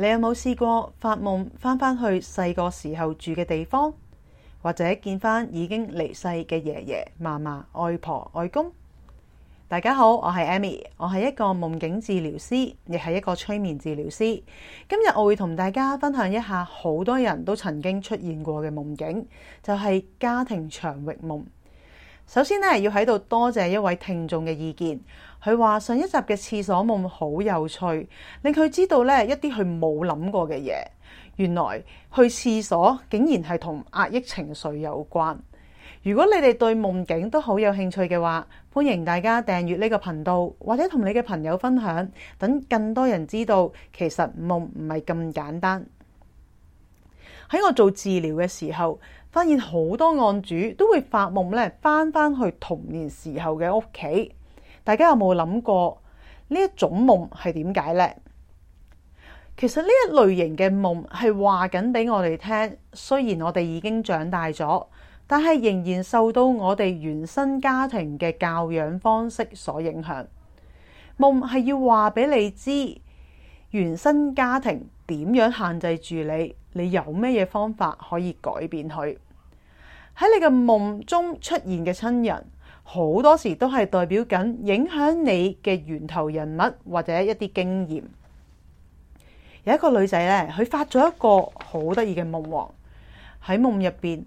你有冇試過發夢翻返去細個時候住嘅地方，或者見返已經離世嘅爺爺、嫲嫲、外婆、外公？大家好，我係 Amy，我係一個夢境治療師，亦係一個催眠治療師。今日我會同大家分享一下好多人都曾經出現過嘅夢境，就係家庭場域夢。首先呢，要喺度多謝一位聽眾嘅意見。佢話上一集嘅廁所夢好有趣，令佢知道呢一啲佢冇諗過嘅嘢。原來去廁所竟然係同壓抑情緒有關。如果你哋對夢境都好有興趣嘅話，歡迎大家訂閱呢個頻道，或者同你嘅朋友分享，等更多人知道其實夢唔係咁簡單。喺我做治療嘅時候，發現好多案主都會發夢咧，翻翻去童年時候嘅屋企。大家有冇諗過呢一種夢係點解呢？其實呢一類型嘅夢係話緊俾我哋聽，雖然我哋已經長大咗，但係仍然受到我哋原生家庭嘅教養方式所影響。夢係要話俾你知，原生家庭點樣限制住你。你有咩嘢方法可以改變佢？喺你嘅夢中出現嘅親人，好多時都係代表緊影響你嘅源頭人物或者一啲經驗。有一個女仔呢，佢發咗一個好得意嘅夢喎。喺夢入邊，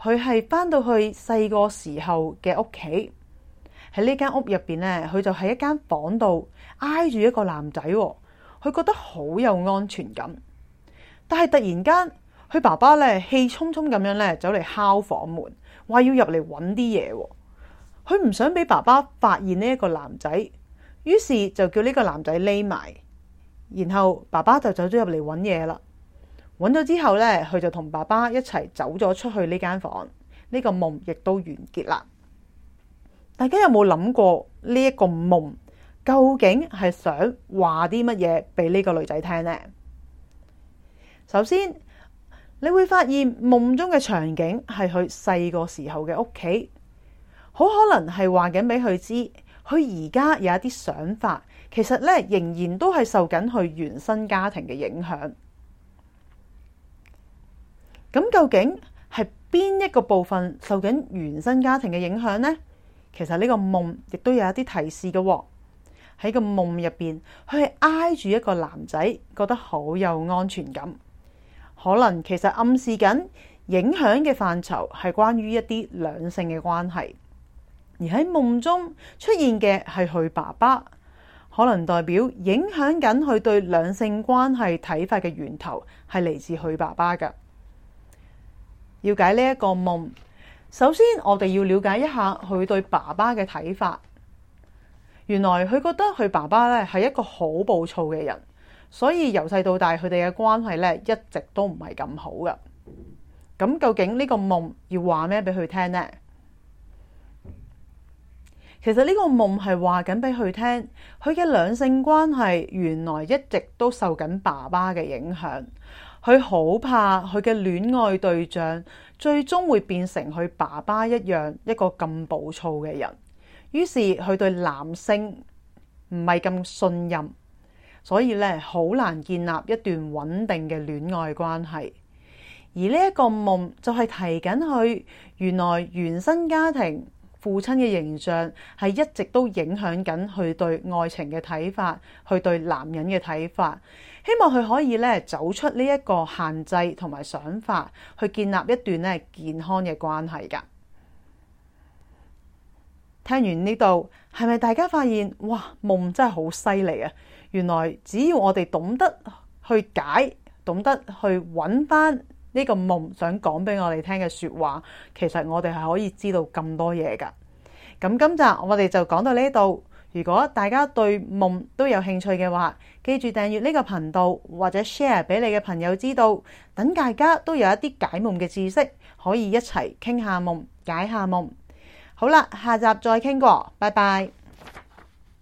佢係翻到去細個時候嘅屋企。喺呢間屋入邊呢，佢就喺一間房度挨住一個男仔，佢覺得好有安全感。但係突然間，佢爸爸咧氣沖沖咁樣咧走嚟敲房門，話要入嚟揾啲嘢。佢唔想俾爸爸發現呢一個男仔，於是就叫呢個男仔匿埋，然後爸爸就走咗入嚟揾嘢啦。揾咗之後呢，佢就同爸爸一齊走咗出去呢間房。呢個夢亦都完結啦。大家有冇諗過呢一個夢究竟係想話啲乜嘢俾呢個女仔聽呢？首先，你會發現夢中嘅場景係佢細個時候嘅屋企，好可能係話緊俾佢知，佢而家有一啲想法，其實咧仍然都係受緊佢原生家庭嘅影響。咁究竟係邊一個部分受緊原生家庭嘅影響呢？其實呢個夢亦都有一啲提示嘅喎、哦。喺個夢入邊，佢係挨住一個男仔，覺得好有安全感。可能其實暗示緊影響嘅範疇係關於一啲兩性嘅關係，而喺夢中出現嘅係佢爸爸，可能代表影響緊佢對兩性關係睇法嘅源頭係嚟自佢爸爸噶。要解呢一個夢，首先我哋要了解一下佢對爸爸嘅睇法。原來佢覺得佢爸爸咧係一個好暴躁嘅人。所以由細到大佢哋嘅關係咧一直都唔係咁好㗎。咁究竟呢個夢要話咩俾佢聽呢？其實呢個夢係話緊俾佢聽，佢嘅兩性關係原來一直都受緊爸爸嘅影響。佢好怕佢嘅戀愛對象最終會變成佢爸爸一樣一個咁暴躁嘅人。於是佢對男性唔係咁信任。所以咧，好難建立一段穩定嘅戀愛關係。而呢一個夢就係提緊佢原來原生家庭父親嘅形象係一直都影響緊佢對愛情嘅睇法，佢對男人嘅睇法。希望佢可以咧走出呢一個限制同埋想法，去建立一段咧健康嘅關係㗎。聽完呢度，係咪大家發現，哇，夢真係好犀利啊！原來只要我哋懂得去解，懂得去揾翻呢個夢想講俾我哋聽嘅說話，其實我哋係可以知道咁多嘢㗎。咁今集我哋就講到呢度。如果大家對夢都有興趣嘅話，記住訂閱呢個頻道或者 share 俾你嘅朋友知道，等大家都有一啲解夢嘅知識，可以一齊傾下夢，解下夢。好啦，下集再傾過，拜拜。